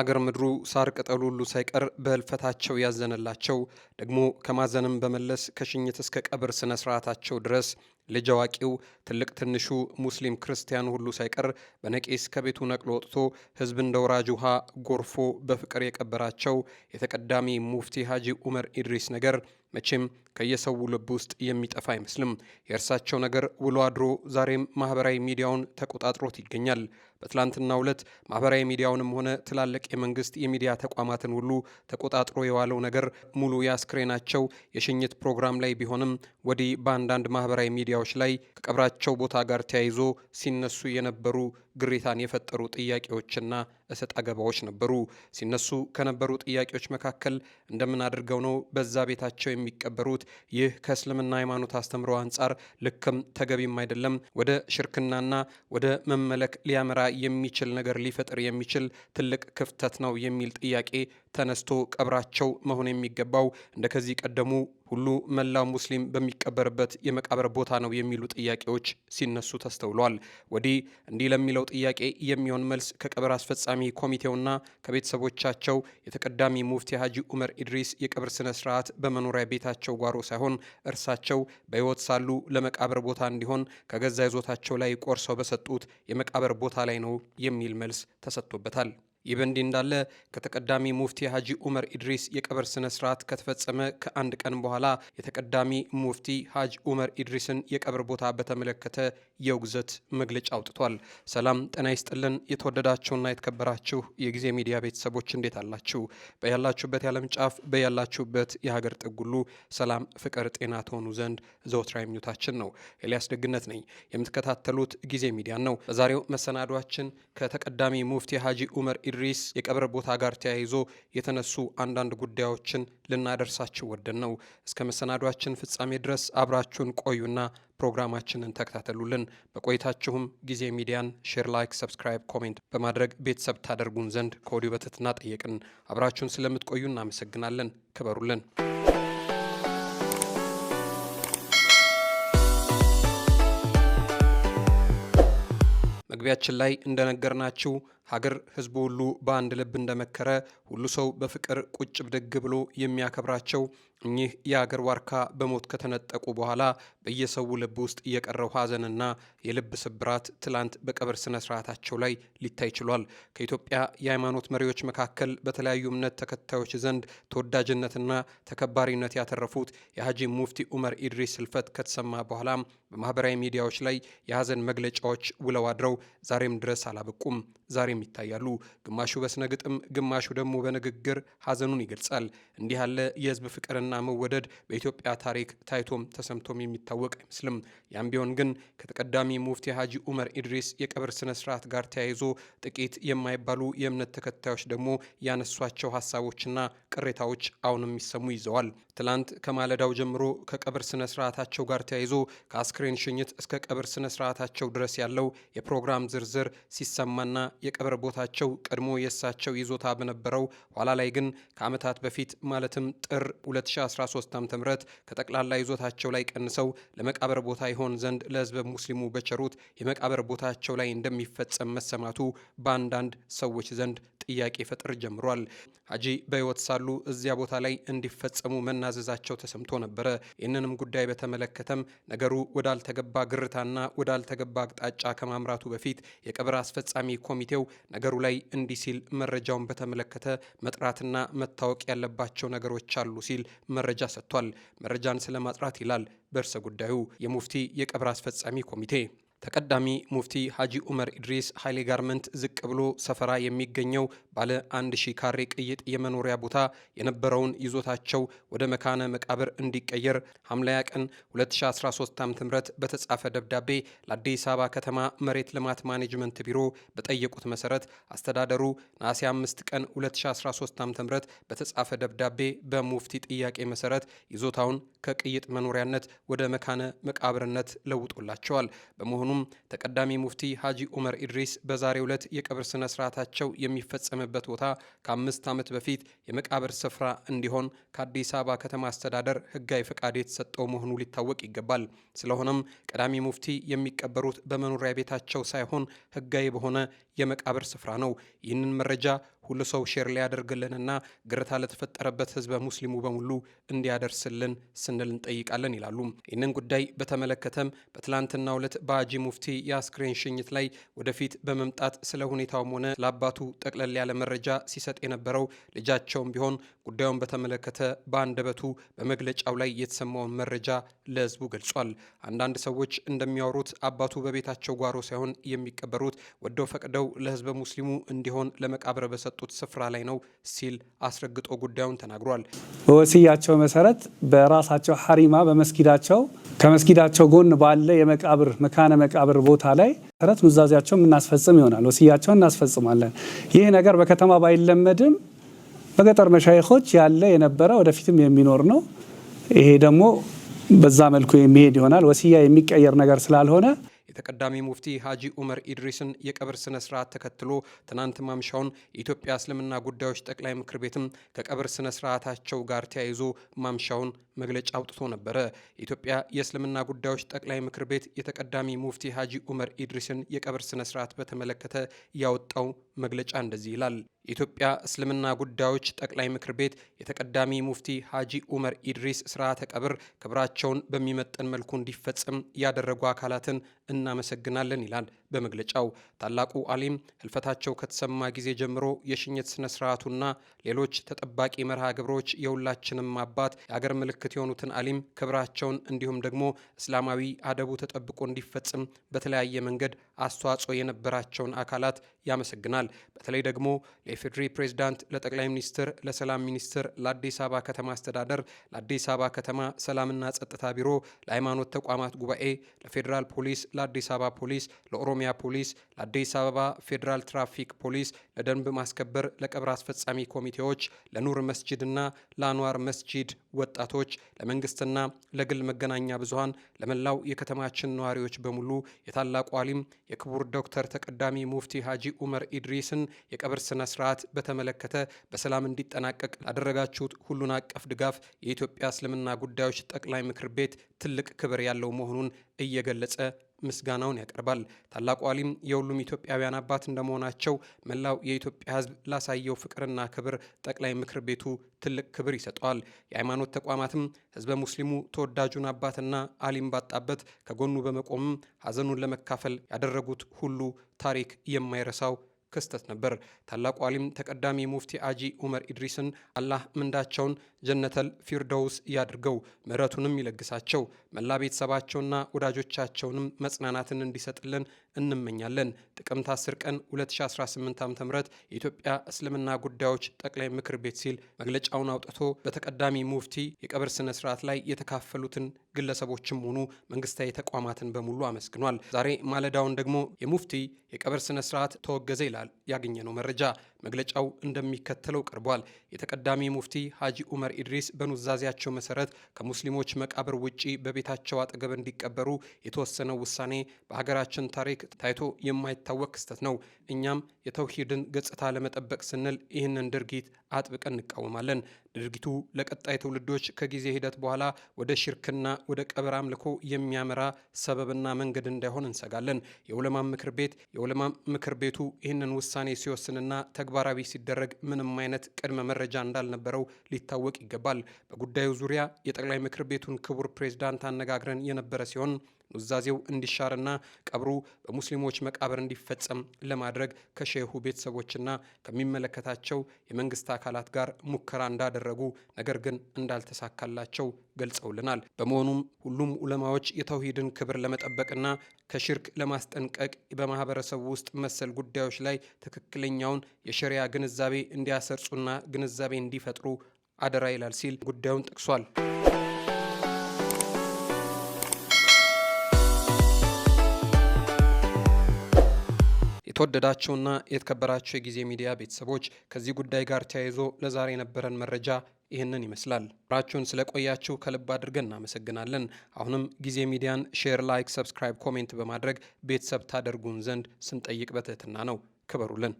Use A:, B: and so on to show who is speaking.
A: አገር ምድሩ ሳር ቅጠሉ ሁሉ ሳይቀር በህልፈታቸው ያዘነላቸው ደግሞ ከማዘንም በመለስ ከሽኝት እስከ ቀብር ስነ ስርዓታቸው ድረስ ልጅ አዋቂው፣ ትልቅ ትንሹ፣ ሙስሊም ክርስቲያን ሁሉ ሳይቀር በነቂስ ከቤቱ ነቅሎ ወጥቶ ህዝብ እንደ ወራጅ ውሃ ጎርፎ በፍቅር የቀበራቸው የተቀዳሚ ሙፍቲ ሀጂ ኡመር ኢድሪስ ነገር መቼም ከየሰው ልብ ውስጥ የሚጠፋ አይመስልም። የእርሳቸው ነገር ውሎ አድሮ ዛሬም ማህበራዊ ሚዲያውን ተቆጣጥሮት ይገኛል። በትላንትናው ዕለት ማህበራዊ ሚዲያውንም ሆነ ትላልቅ የመንግስት የሚዲያ ተቋማትን ሁሉ ተቆጣጥሮ የዋለው ነገር ሙሉ የአስክሬናቸው የሽኝት ፕሮግራም ላይ ቢሆንም ወዲህ በአንዳንድ ማህበራዊ ሚዲያ ሚዲያዎች ላይ ከቀብራቸው ቦታ ጋር ተያይዞ ሲነሱ የነበሩ ግሬታን የፈጠሩ ጥያቄዎችና እሰጥ አገባዎች ነበሩ። ሲነሱ ከነበሩ ጥያቄዎች መካከል እንደምን አድርገው ነው በዛ ቤታቸው የሚቀበሩት? ይህ ከእስልምና ሃይማኖት አስተምሮ አንጻር ልክም ተገቢም አይደለም፣ ወደ ሽርክናና ወደ መመለክ ሊያመራ የሚችል ነገር ሊፈጥር የሚችል ትልቅ ክፍተት ነው የሚል ጥያቄ ተነስቶ ቀብራቸው መሆን የሚገባው እንደ ከዚህ ቀደሙ ሁሉ መላው ሙስሊም በሚቀበርበት የመቃብር ቦታ ነው የሚሉ ጥያቄዎች ሲነሱ ተስተውሏል። ወዲህ እንዲህ ለሚለው ጥያቄ የሚሆን መልስ ከቀብር አስፈጻሚ ኮሚቴውና ከቤተሰቦቻቸው የተቀዳሚ ሙፍቲ ሀጂ ኡመር ኢድሪስ የቀብር ስነ ስርዓት በመኖሪያ ቤታቸው ጓሮ ሳይሆን እርሳቸው በህይወት ሳሉ ለመቃብር ቦታ እንዲሆን ከገዛ ይዞታቸው ላይ ቆርሰው በሰጡት የመቃብር ቦታ ላይ ነው የሚል መልስ ተሰጥቶበታል። ይህ በእንዲህ እንዳለ ከተቀዳሚ ሙፍቲ ሀጂ ኡመር ኢድሪስ የቀብር ስነ ስርዓት ከተፈጸመ ከአንድ ቀን በኋላ የተቀዳሚ ሙፍቲ ሀጂ ኡመር ኢድሪስን የቀብር ቦታ በተመለከተ የውግዘት መግለጫ አውጥቷል። ሰላም ጤና ይስጥልን። የተወደዳችሁና የተከበራችሁ የጊዜ ሚዲያ ቤተሰቦች እንዴት አላችሁ? በያላችሁበት የዓለም ጫፍ በያላችሁበት የሀገር ጥጉሉ ሰላም፣ ፍቅር፣ ጤና ትሆኑ ዘንድ ዘወትር ምኞታችን ነው። ኤልያስ ደግነት ነኝ። የምትከታተሉት ጊዜ ሚዲያን ነው። በዛሬው መሰናዷችን ከተቀዳሚ ሙፍቲ ሀጂ ኡመር ኢድሪስ የቀብር ቦታ ጋር ተያይዞ የተነሱ አንዳንድ ጉዳዮችን ልናደርሳችሁ ወደን ነው። እስከ መሰናዷችን ፍጻሜ ድረስ አብራችሁን ቆዩና ፕሮግራማችንን ተከታተሉልን። በቆይታችሁም ጊዜ ሚዲያን ሼር፣ ላይክ፣ ሰብስክራይብ፣ ኮሜንት በማድረግ ቤተሰብ ታደርጉን ዘንድ ከወዲሁ በትህትና ጠየቅን። አብራችሁን ስለምትቆዩ እናመሰግናለን። ክበሩልን። መግቢያችን ላይ እንደነገርናችሁ ሀገር ህዝቡ ሁሉ በአንድ ልብ እንደመከረ ሁሉ ሰው በፍቅር ቁጭ ብድግ ብሎ የሚያከብራቸው እኚህ የአገር ዋርካ በሞት ከተነጠቁ በኋላ በየሰው ልብ ውስጥ የቀረው ሀዘንና የልብ ስብራት ትላንት በቀብር ስነ ስርዓታቸው ላይ ሊታይ ችሏል። ከኢትዮጵያ የሃይማኖት መሪዎች መካከል በተለያዩ እምነት ተከታዮች ዘንድ ተወዳጅነትና ተከባሪነት ያተረፉት የሀጂ ሙፍቲ ኡመር ኢድሪስ ህልፈት ከተሰማ በኋላ በማህበራዊ ሚዲያዎች ላይ የሀዘን መግለጫዎች ውለው አድረው ዛሬም ድረስ አላበቁም። ዛሬ በፍቅርም ይታያሉ። ግማሹ በስነ ግጥም፣ ግማሹ ደግሞ በንግግር ሀዘኑን ይገልጻል። እንዲህ ያለ የህዝብ ፍቅርና መወደድ በኢትዮጵያ ታሪክ ታይቶም ተሰምቶም የሚታወቅ አይመስልም። ያም ቢሆን ግን ከተቀዳሚ ሙፍቲ ሀጂ ኡመር ኢድሪስ የቀብር ስነ ስርዓት ጋር ተያይዞ ጥቂት የማይባሉ የእምነት ተከታዮች ደግሞ ያነሷቸው ሀሳቦችና ቅሬታዎች አሁንም የሚሰሙ ይዘዋል። ትላንት ከማለዳው ጀምሮ ከቀብር ስነ ስርዓታቸው ጋር ተያይዞ ከአስክሬን ሽኝት እስከ ቀብር ስነ ስርዓታቸው ድረስ ያለው የፕሮግራም ዝርዝር ሲሰማና የመቀበር ቦታቸው ቀድሞ የእሳቸው ይዞታ በነበረው ኋላ ላይ ግን ከዓመታት በፊት ማለትም ጥር 2013 ዓ.ም ከጠቅላላ ይዞታቸው ላይ ቀንሰው ለመቃብር ቦታ ይሆን ዘንድ ለህዝብ ሙስሊሙ በቸሩት የመቃብር ቦታቸው ላይ እንደሚፈጸም መሰማቱ በአንዳንድ ሰዎች ዘንድ ጥያቄ ፈጥር ጀምሯል። ሀጂ በህይወት ሳሉ እዚያ ቦታ ላይ እንዲፈጸሙ መናዘዛቸው ተሰምቶ ነበረ። ይህንንም ጉዳይ በተመለከተም ነገሩ ወዳልተገባ ግርታና ወዳልተገባ አቅጣጫ ከማምራቱ በፊት የቀብር አስፈጻሚ ኮሚቴው ነገሩ ላይ እንዲህ ሲል መረጃውን በተመለከተ መጥራትና መታወቅ ያለባቸው ነገሮች አሉ ሲል መረጃ ሰጥቷል። መረጃን ስለማጥራት ይላል በእርሰ ጉዳዩ የሙፍቲ የቀብር አስፈጻሚ ኮሚቴ ተቀዳሚ ሙፍቲ ሀጂ ኡመር ኢድሪስ ኃይሌ ጋርመንት ዝቅ ብሎ ሰፈራ የሚገኘው ባለ አንድ ሺህ ካሬ ቅይጥ የመኖሪያ ቦታ የነበረውን ይዞታቸው ወደ መካነ መቃብር እንዲቀየር ሐምሌ ቀን 2013 ዓ.ም በተጻፈ ደብዳቤ ለአዲስ አበባ ከተማ መሬት ልማት ማኔጅመንት ቢሮ በጠየቁት መሰረት አስተዳደሩ ነሐሴ 5 ቀን 2013 ዓ.ም በተጻፈ ደብዳቤ በሙፍቲ ጥያቄ መሰረት ይዞታውን ከቅይጥ መኖሪያነት ወደ መካነ መቃብርነት ለውጦላቸዋል። በመሆኑ እንዲሁም ተቀዳሚ ሙፍቲ ሀጂ ኡመር ኢድሪስ በዛሬው ዕለት የቀብር ስነ ስርዓታቸው የሚፈጸምበት ቦታ ከአምስት ዓመት በፊት የመቃብር ስፍራ እንዲሆን ከአዲስ አበባ ከተማ አስተዳደር ህጋዊ ፈቃድ የተሰጠው መሆኑ ሊታወቅ ይገባል። ስለሆነም ቀዳሚ ሙፍቲ የሚቀበሩት በመኖሪያ ቤታቸው ሳይሆን ህጋዊ በሆነ የመቃብር ስፍራ ነው። ይህንን መረጃ ሁሉ ሰው ሼር ሊያደርግልንና ግርታ ለተፈጠረበት ህዝበ ሙስሊሙ በሙሉ እንዲያደርስልን ስንል እንጠይቃለን ይላሉ። ይህንን ጉዳይ በተመለከተም በትላንትናው ዕለት በአጂ ሙፍቲ የአስክሬን ሽኝት ላይ ወደፊት በመምጣት ስለ ሁኔታውም ሆነ ለአባቱ ጠቅለል ያለ መረጃ ሲሰጥ የነበረው ልጃቸውም ቢሆን ጉዳዩን በተመለከተ በአንደበቱ በመግለጫው ላይ የተሰማውን መረጃ ለህዝቡ ገልጿል። አንዳንድ ሰዎች እንደሚያወሩት አባቱ በቤታቸው ጓሮ ሳይሆን የሚቀበሩት ወደው ፈቅደው ለህዝበ ሙስሊሙ እንዲሆን ለመቃብር በሰ በሰጡት ስፍራ ላይ ነው ሲል አስረግጦ ጉዳዩን ተናግሯል።
B: በወስያቸው መሰረት በራሳቸው ሐሪማ በመስጊዳቸው ከመስጊዳቸው ጎን ባለ የመቃብር መካነ መቃብር ቦታ ላይ መሰረት ኑዛዜያቸው የምናስፈጽም ይሆናል። ወስያቸው እናስፈጽማለን። ይህ ነገር በከተማ ባይለመድም በገጠር መሻይኮች ያለ የነበረ ወደፊትም የሚኖር ነው። ይሄ ደግሞ በዛ መልኩ የሚሄድ ይሆናል። ወስያ የሚቀየር ነገር ስላልሆነ
A: የተቀዳሚ ሙፍቲ ሀጂ ኡመር ኢድሪስን የቀብር ስነ ስርዓት ተከትሎ ትናንት ማምሻውን የኢትዮጵያ እስልምና ጉዳዮች ጠቅላይ ምክር ቤትም ከቀብር ስነ ስርዓታቸው ጋር ተያይዞ ማምሻውን መግለጫ አውጥቶ ነበረ። የኢትዮጵያ የእስልምና ጉዳዮች ጠቅላይ ምክር ቤት የተቀዳሚ ሙፍቲ ሀጂ ኡመር ኢድሪስን የቀብር ስነ ስርዓት በተመለከተ ያወጣው መግለጫ እንደዚህ ይላል። የኢትዮጵያ እስልምና ጉዳዮች ጠቅላይ ምክር ቤት የተቀዳሚ ሙፍቲ ሀጂ ኡመር ኢድሪስ ስርዓተ ቀብር ክብራቸውን በሚመጠን መልኩ እንዲፈጸም ያደረጉ አካላትን እናመሰግናለን ይላል በመግለጫው። ታላቁ አሊም ህልፈታቸው ከተሰማ ጊዜ ጀምሮ የሽኝት ስነ ስርዓቱና ሌሎች ተጠባቂ መርሃ ግብሮች የሁላችንም አባት የአገር ምልክት ምልክት የሆኑትን አሊም ክብራቸውን እንዲሁም ደግሞ እስላማዊ አደቡ ተጠብቆ እንዲፈጽም በተለያየ መንገድ አስተዋጽኦ የነበራቸውን አካላት ያመሰግናል። በተለይ ደግሞ ለኢፌዴሪ ፕሬዝዳንት፣ ለጠቅላይ ሚኒስትር፣ ለሰላም ሚኒስትር፣ ለአዲስ አበባ ከተማ አስተዳደር፣ ለአዲስ አበባ ከተማ ሰላምና ጸጥታ ቢሮ፣ ለሃይማኖት ተቋማት ጉባኤ፣ ለፌዴራል ፖሊስ፣ ለአዲስ አበባ ፖሊስ፣ ለኦሮሚያ ፖሊስ፣ ለአዲስ አበባ ፌዴራል ትራፊክ ፖሊስ፣ ለደንብ ማስከበር፣ ለቀብር አስፈጻሚ ኮሚቴዎች፣ ለኑር መስጂድና ለአንዋር መስጂድ ወጣቶች ለመንግስትና ለግል መገናኛ ብዙሃን፣ ለመላው የከተማችን ነዋሪዎች በሙሉ የታላቁ አሊም የክቡር ዶክተር ተቀዳሚ ሙፍቲ ሀጂ ኡመር ኢድሪስን የቀብር ስነ ስርዓት በተመለከተ በሰላም እንዲጠናቀቅ ላደረጋችሁት ሁሉን አቀፍ ድጋፍ የኢትዮጵያ እስልምና ጉዳዮች ጠቅላይ ምክር ቤት ትልቅ ክብር ያለው መሆኑን እየገለጸ ምስጋናውን ያቀርባል። ታላቁ አሊም የሁሉም ኢትዮጵያውያን አባት እንደመሆናቸው መላው የኢትዮጵያ ሕዝብ ላሳየው ፍቅርና ክብር ጠቅላይ ምክር ቤቱ ትልቅ ክብር ይሰጠዋል። የሃይማኖት ተቋማትም ሕዝበ ሙስሊሙ ተወዳጁን አባትና አሊም ባጣበት ከጎኑ በመቆምም ሀዘኑን ለመካፈል ያደረጉት ሁሉ ታሪክ የማይረሳው ክስተት ነበር። ታላቁ አሊም ተቀዳሚ ሙፍቲ አጂ ዑመር ኢድሪስን አላህ ምንዳቸውን ጀነተል ፊርደውስ ያድርገው፣ ምሕረቱንም ይለግሳቸው፣ መላ ቤተሰባቸውና ወዳጆቻቸውንም መጽናናትን እንዲሰጥልን እንመኛለን። ጥቅምት 10 ቀን 2018 ዓ.ም የኢትዮጵያ እስልምና ጉዳዮች ጠቅላይ ምክር ቤት ሲል መግለጫውን አውጥቶ በተቀዳሚ ሙፍቲ የቀብር ስነ ስርዓት ላይ የተካፈሉትን ግለሰቦችም ሆኑ መንግስታዊ ተቋማትን በሙሉ አመስግኗል። ዛሬ ማለዳውን ደግሞ የሙፍቲ የቀብር ስነ ስርዓት ተወገዘ ይላል ያገኘነው መረጃ። መግለጫው እንደሚከተለው ቀርቧል። የተቀዳሚ ሙፍቲ ሀጂ ኡመር ኢድሪስ በኑዛዜያቸው መሰረት ከሙስሊሞች መቃብር ውጪ በቤታቸው አጠገብ እንዲቀበሩ የተወሰነው ውሳኔ በሀገራችን ታሪክ ታይቶ የማይታወቅ ክስተት ነው። እኛም የተውሂድን ገጽታ ለመጠበቅ ስንል ይህንን ድርጊት አጥብቀን እንቃወማለን። ድርጊቱ ለቀጣይ ትውልዶች ከጊዜ ሂደት በኋላ ወደ ሽርክና ወደ ቀብር አምልኮ የሚያመራ ሰበብና መንገድ እንዳይሆን እንሰጋለን። የዑለማም ምክር ቤት የዑለማም ምክር ቤቱ ይህንን ውሳኔ ሲወስንና ተግባራዊ ሲደረግ ምንም አይነት ቅድመ መረጃ እንዳልነበረው ሊታወቅ ይገባል። በጉዳዩ ዙሪያ የጠቅላይ ምክር ቤቱን ክቡር ፕሬዝዳንት አነጋግረን የነበረ ሲሆን ኑዛዜው እንዲሻርና ቀብሩ በሙስሊሞች መቃብር እንዲፈጸም ለማድረግ ከሼሁ ቤተሰቦችና ከሚመለከታቸው የመንግስት አካላት ጋር ሙከራ እንዳደረጉ ነገር ግን እንዳልተሳካላቸው ገልጸውልናል። በመሆኑም ሁሉም ዑለማዎች የተውሂድን ክብር ለመጠበቅና ከሽርክ ለማስጠንቀቅ በማህበረሰቡ ውስጥ መሰል ጉዳዮች ላይ ትክክለኛውን የሸሪያ ግንዛቤ እንዲያሰርጹና ግንዛቤ እንዲፈጥሩ አደራ ይላል ሲል ጉዳዩን ጠቅሷል። የተወደዳቸውና የተከበራቸው የጊዜ ሚዲያ ቤተሰቦች ከዚህ ጉዳይ ጋር ተያይዞ ለዛሬ የነበረን መረጃ ይህንን ይመስላል። ብራችሁን ስለቆያችሁ ከልብ አድርገን እናመሰግናለን። አሁንም ጊዜ ሚዲያን ሼር፣ ላይክ፣ ሰብስክራይብ፣ ኮሜንት በማድረግ ቤተሰብ ታደርጉን ዘንድ ስንጠይቅ በትህትና ነው። ክበሩልን።